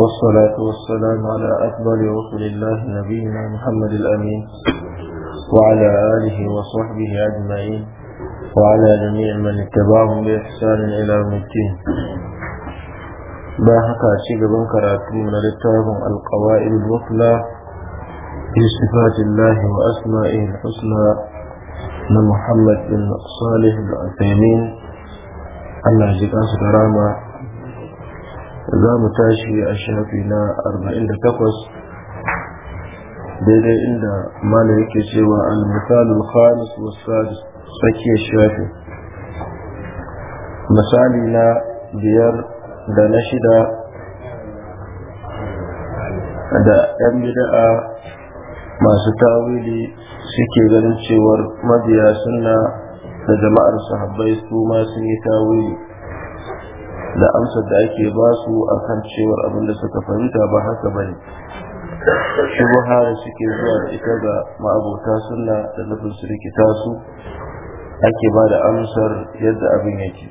والصلاة والسلام على أفضل رسل الله نبينا محمد الأمين وعلى آله وصحبه أجمعين وعلى جميع من اتبعهم بإحسان إلى يوم الدين باهك أشيك بنكر من رتاب القوائل المثلى في صفات الله وأسمائه الحسنى من محمد بن صالح العثيمين الله يجزيك أنس za mu tashi a shafi na 48 daidai inda mana yake cewa al-misalul khamis was sadis tsakiyar shafi misali na biyar da na shida da yan bida'a masu tawili suke ganin cewar mabiya sunna da jama'ar sahabbai su ma sun yi tawili da amsar da ake ba su a kan cewar abin da suka fahimta ba haka ba ne shubuha da suke zuwa da ita ga ma'abota sunna da nufin su rikita su ake ba da amsar yadda abin yake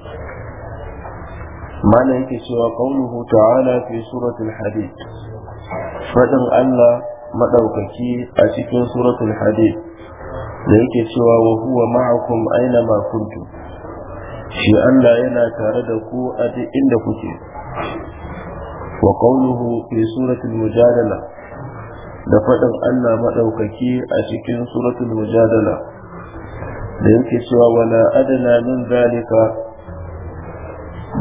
mana yake cewa qauluhu ta'ala fi suratul hadid fadin Allah madaukaki a cikin suratul hadid da yake cewa wa huwa ma'akum aina ma kuntum shi Allah yana tare da ku a duk inda kuke wa qawluhu fi suratul mujadala da faɗin Allah maɗaukaki a cikin suratul mujadala da yake cewa wala adana min zalika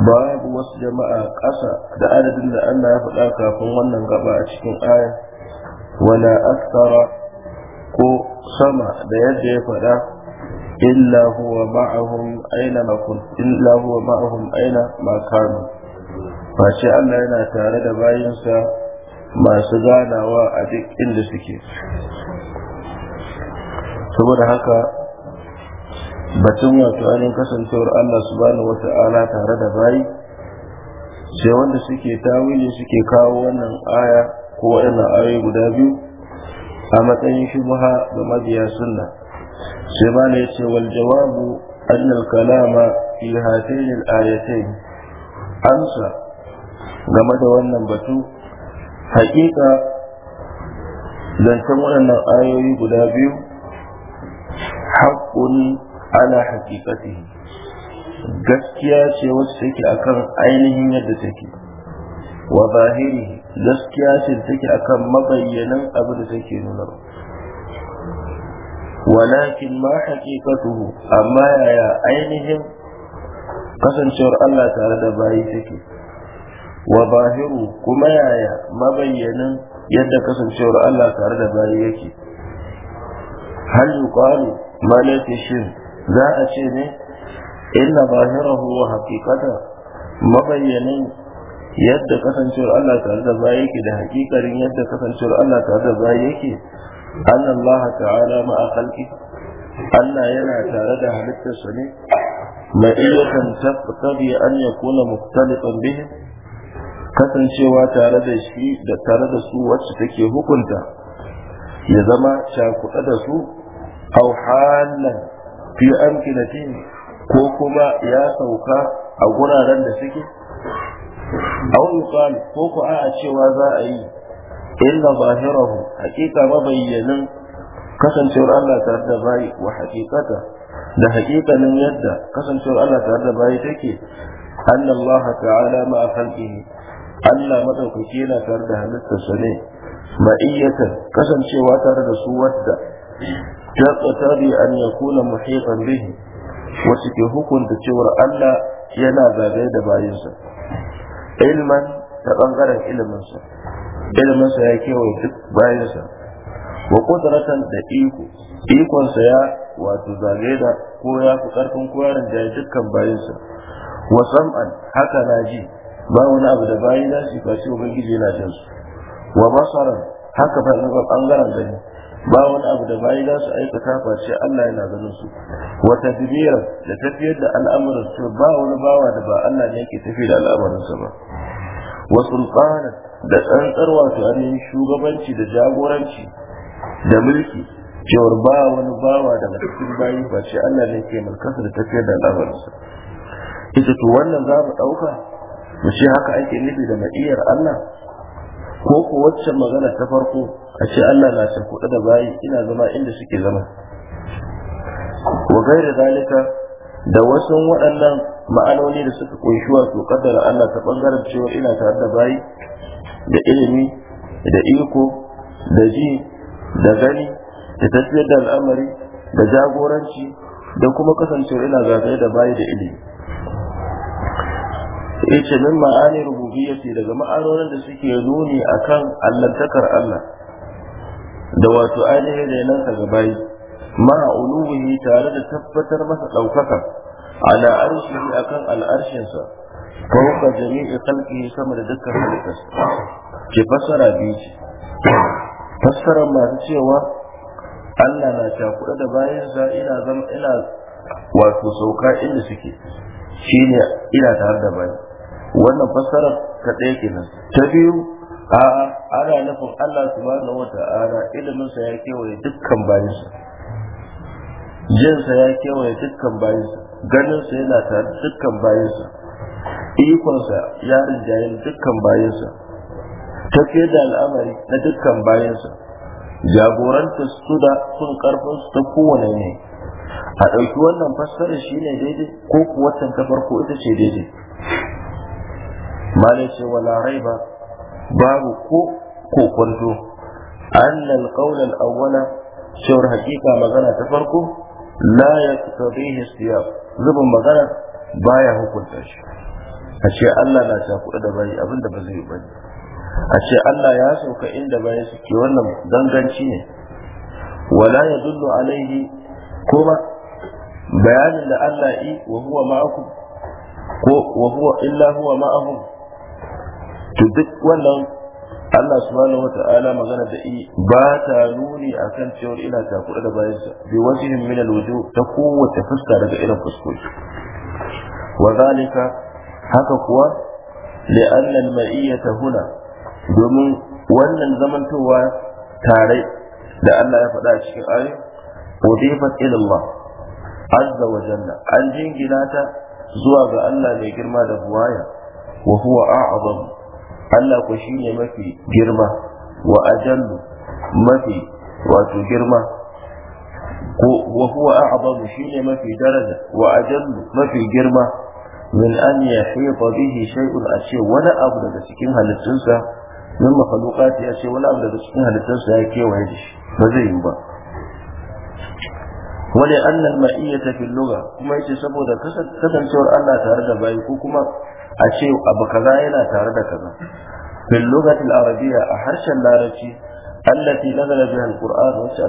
babu wasu jama'a ƙasa da adadin da Allah ya faɗa kafin wannan gaba a cikin aya wala aksara ko sama da yadda ya faɗa إلا هو معهم أينما كنت إلا هو معهم أينما كانوا فاشي الله ينا تare da bayinsa masu ganawa a duk inda suke saboda haka batun wato ainihin kasancewar Allah subhanahu ala tare da bayi sai wanda suke tawili suke kawo wannan aya ko wannan ayoyi guda biyu a matsayin shubha ga mabiya sunna sai ya ne ce wal jawabu annal kalama fi hatain al ayatain amsa game da wannan batu hakika zancen waɗannan ayoyi guda biyu haƙƙun ana haƙiƙatihi gaskiya ce wacce take akan ainihin yadda take wa zahiri gaskiya ce take akan mabayyanan abin da take nuna walakin ma ka tuhu amma yaya ainihin kasancewar Allah tare da bayi take wa bahiru kuma yaya mabayyanin yadda kasancewar Allah tare da bayi yake hal yuqalu ma shin za a ce ne inna bahirahu wa haqiqata mabayyanin yadda kasancewar Allah tare da bayi yake da hakikarin yadda kasancewar Allah tare da bayi yake أن الله تعالى مع Allah yana tare da هلت ne. Mai تقتضي أن يكون مختلطا بهم kasancewa tare da shi da tare da su wacce take hukunta ya zama cakuɗa da su au halan fi amkinati ko kuma ya sauka a guraren da suke au yuqal ko ko a cewa za a yi illa zahirahu haqiqa mabayyanin kasancewar Allah tare da bayi wa haqiqata da haqiqanin yadda kasancewar Allah tare da bayi take annallaha ta'ala ma khalqihi Allah madaukaki yana tare da halitta sa ne ma'iyyata kasancewa tare da su wadda tabi an yakuna muhitan bihi wa suke hukunta cewar Allah yana zagaye da bayinsa ilman ta ɓangaren iliminsa iliminsa ya kewaye duk bayansa wa kudratan da iko ikonsa ya wato zage da ko ya fi karfin ko ya dukkan bayansa wa sam'an haka na ji ba wani abu da bayi na shi ba shi ubangiji yana jin su wa basaran haka ba na bangaren gani ba wani abu da bayi za su aikata ba ce Allah yana ganin su wa tadbira da tafiyar da al'amuran su ba wani bawa da ba Allah ne yake tafi da al'amuransa ba wa sultana da tsantsar wato ainihin shugabanci da jagoranci da mulki cewar ba wani bawa daga cikin bayi ba ce Allah ne ke mulkarsa da tafiyar da al'amarsa. ita to wannan za mu ɗauka mu ce haka ake nufi da ma'iyar Allah ko ko wacce magana ta farko a ce Allah na ta kuɗa da bayi ina zama inda suke zama wa gaira zalika da wasu waɗannan ma'anoni da suka ƙunshi wato kaddara Allah ta bangaren cewa ina tare da bayi da ilimi da iko da ji da gani da tafiyar da al'amari da jagoranci da kuma kasancewa ina zagaye da bayi da ilimi ce min ma'ani rububiyyati daga ma'anonin da suke nuni akan allantakar Allah da wato ainihin renan ga bayi ma tare da tabbatar masa ɗaukaka ala arshi akan al'arshinsa. fawqa jami'i khalqihi sama da dukkan halittarsa ke fassara biyu ce Fassara masu cewa Allah na cakuɗa da bayan sa, ina zama ina wato sauka inda suke Shi ne ina har da bayan wannan fassarar ta ɗaya nan ta biyu a'a ana nufin Allah su subhanahu wata'ala iliminsa ya kewaye dukkan bayansa jinsa ya kewaye dukkan bayansa ganinsa yana ta da dukkan bayansa ikonsa ya rinjaye dukkan bayansa tafiyar da al'amari na dukkan bayansa jagoranta su da sun karfin su ta kowane ne a ɗauki wannan fassara shi ne daidai ko kuwa ta farko ita ce daidai malai ce larai ba babu ko kokonto annal qaulal awwala cewar hakika magana ta farko la yaqtadihi siya zubin magana baya hukunta shi a ce Allah na ta kuɗa da bayi abin da ba zai yi bane a ce Allah ya sauka inda bayan suke wannan danganci ne wala ya dullu alaihi kuma bayanin da Allah yi wa huwa ma'akum ko wa huwa illa huwa ma'ahum to duk wannan Allah subhanahu wata'ala magana da i ba ta nuni akan cewar ina takura da bayansa bi wajihin min alwuju ta kowace fuska daga irin fuskoki wa zalika haka kuwa li'anna al-ma'iyyata huna domin wannan zamantowa tare da Allah ya faɗa cikin ayi udifat ila Allah azza wa jalla an jingina ta zuwa ga Allah mai girma da buwaya wa huwa a'zam Allah ku shine mafi girma wa ajallu mafi wato girma wa huwa a'zam shine mafi daraja wa ajallu mafi girma min an yahita bihi shay'un a ce wani abu daga cikin halittunsa min makhluqati a ce wani abu daga cikin halittunsa ya kewaye da shi ba zai yi ba wani annal ma'iyyata fil lugha kuma yace saboda kasancewar Allah tare da bayi ko kuma a ce abu kaza yana tare da kaza fil lughati al a harshen larabci allati nazala ya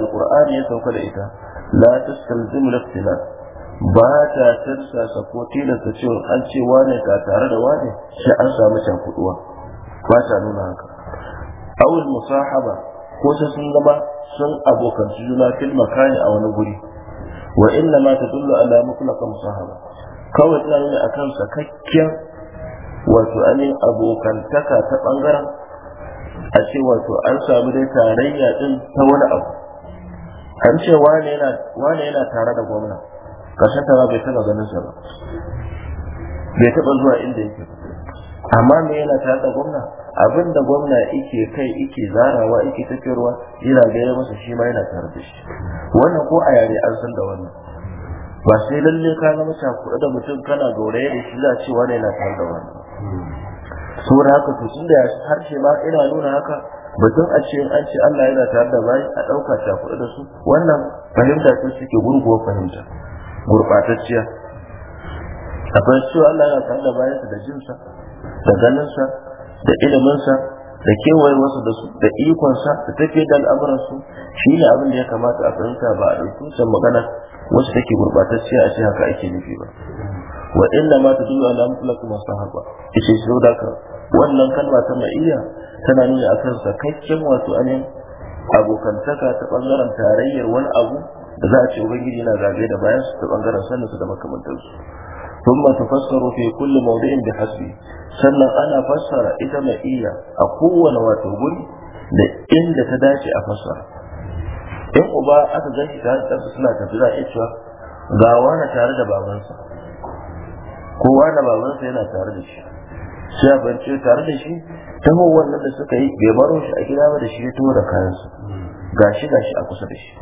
sauka da ita la tastalzimu ba ta tarsasa ko tilasta cewa an ce wane ka tare da wane shi an samu cakuduwa ba ta nuna haka awul musahaba ko sai sun zama sun abokanci juna fil makani a wani guri wa inna ma tadullu ala mutlaqan musahaba kawai tana nuna akan sakakken wato anin abokantaka ta bangaren a ce wato an samu dai tarayya din ta wani abu an ce wane yana tare da gwamnati ƙarshen tara bai taɓa ganin shi ba bai taɓa zuwa inda yake amma me yana tare da gwamna abin da gwamna yake kai yake zarawa yake tafiyarwa yana gaya masa shi ma yana tare da shi wannan ko a yare an san da wannan ba sai lalle ka zama cakuɗa da mutum kana gauraye da shi za a ce wani yana tare da wannan saboda haka to tun da harshe ma ina nuna haka batun a ce an ce Allah yana tare da bai a ɗauka cakuɗa da su wannan fahimta ce suke gurguwar fahimta gurɓatacciya a fahimci Allah ya tare da da jinsa da ganinsa da iliminsa da kewayewarsa da su da ikonsa da tafiye da al'amuransu shi ne abin da ya kamata a fahimta ba a ɗauki san magana wasu take gurɓatacciya a ce haka ake nufi ba wa inna ma tadullu ala mutlaqi masahaba ishe shi da ka wannan kalma ta ma'iya tana nuna akan sakakken wato anin abokantaka ta bangaren tarayyar wani abu za a ce ubangiji yana zabe da bayan su ta bangaren sannan su da makamantansu fassara تفسر في maudu'in da hasbi sannan ana fassara ita mai iya a kowane wato guri da inda ta dace a fassara in uba aka gani tare da suna tafi za a iya cewa ga wani tare da babansa ko wani babansa yana tare da shi sai a bance tare da shi taho wannan da suka yi bai baro shi a gida ba da shi ya kayansa ga shi gashi gashi a kusa da shi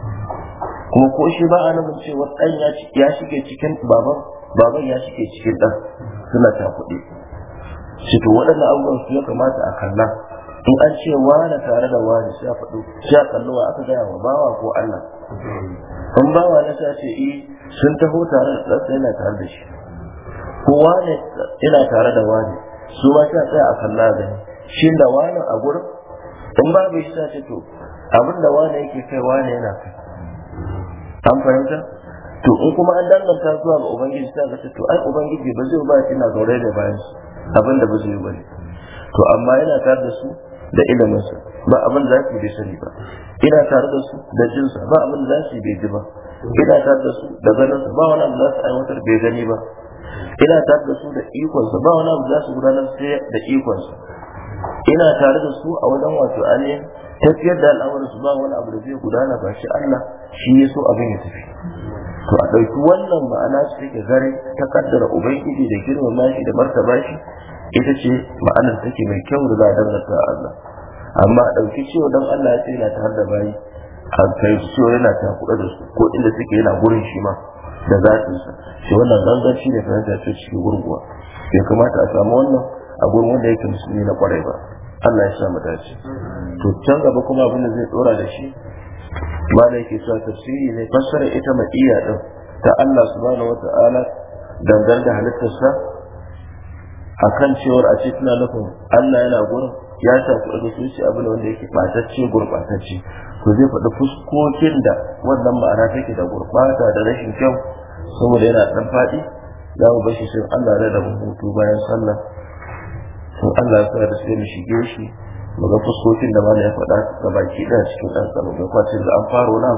kuma ko shi ba a nufin cewa ɗan ya shige cikin baban baban ya shige cikin ɗan suna kuɗi shi to waɗannan abubuwan su ya kamata a kalla in an ce wane tare da wani sai a faɗo sai a kallo wa aka gaya wa bawa ko Allah in bawa na sha ce yi eh, sun taho tare da ɗansa yana tare da shi ko wane yana tare da wani? su ma sai a tsaya a kalla gani shi da wani a gurin in babu shi ta ce to abin da wane yake kai wani yana kai an fahimta to in kuma an danganta zuwa ga ubangiji sai ga to ai ubangiji ba zai ba shi na gaurai da bayan abin da ba zai ba to amma yana tare da su da ilimin sa ba abin da zai bai sani ba ina tare da su da jin sa ba abin da zai bai ji ba ina tare da su da ganin sa ba wani abu za su aiwatar bai gani ba ina tare da su da ikon sa ba wani abu za su gudanar sai da ikon sa ina tare da su a wajen wato aliyan tafiyar da al'amuran su ba wani abu da zai gudana ba shi Allah shi ya so abin ya tafi to a ɗauki wannan ma'ana su take zare ta kaddara ubangiji da girmama shi da martaba shi ita ce ma'anar take mai kyau da za a danganta Allah amma a ɗauki cewa don Allah ya ce yana tare da bayi a kai cewa yana takuɗa da su ko inda suke yana gurin shi ma da sa, shi wannan shi ne fahimta ce cikin gurguwa ya kamata a samu wannan a gurin wanda yake musulmi na kwarai ba Allah ya sa mu dace to can gaba kuma abin da zai dora da shi ma da yake cewa tafsiri ne fassara ita iya din ta Allah subhanahu wata'ala dangar da sa akan cewar a cikin tana nufin Allah yana gurin ya ku da abu abin wanda yake batacce gurbatacce to zai faɗi fuskokin da wannan ma'ana take da gurbata da rashin kyau saboda yana dan faɗi za mu bashi sun Allah da hutu bayan sallah in Allah ya sa da sai mu shige shi mu ga fuskokin da malai ya faɗa ga baki ɗaya cikin ɗan tsaron da kwacin da an faro na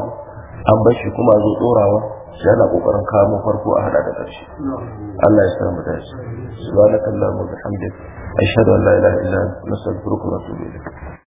an bar shi kuma zo ɗorawa shi ana ƙoƙarin kawo farko a haɗa da ƙarshe Allah ya sa mu dace subhanakallahumma wa bihamdika ashhadu an la ilaha illa anta astaghfiruka wa atubu ilayk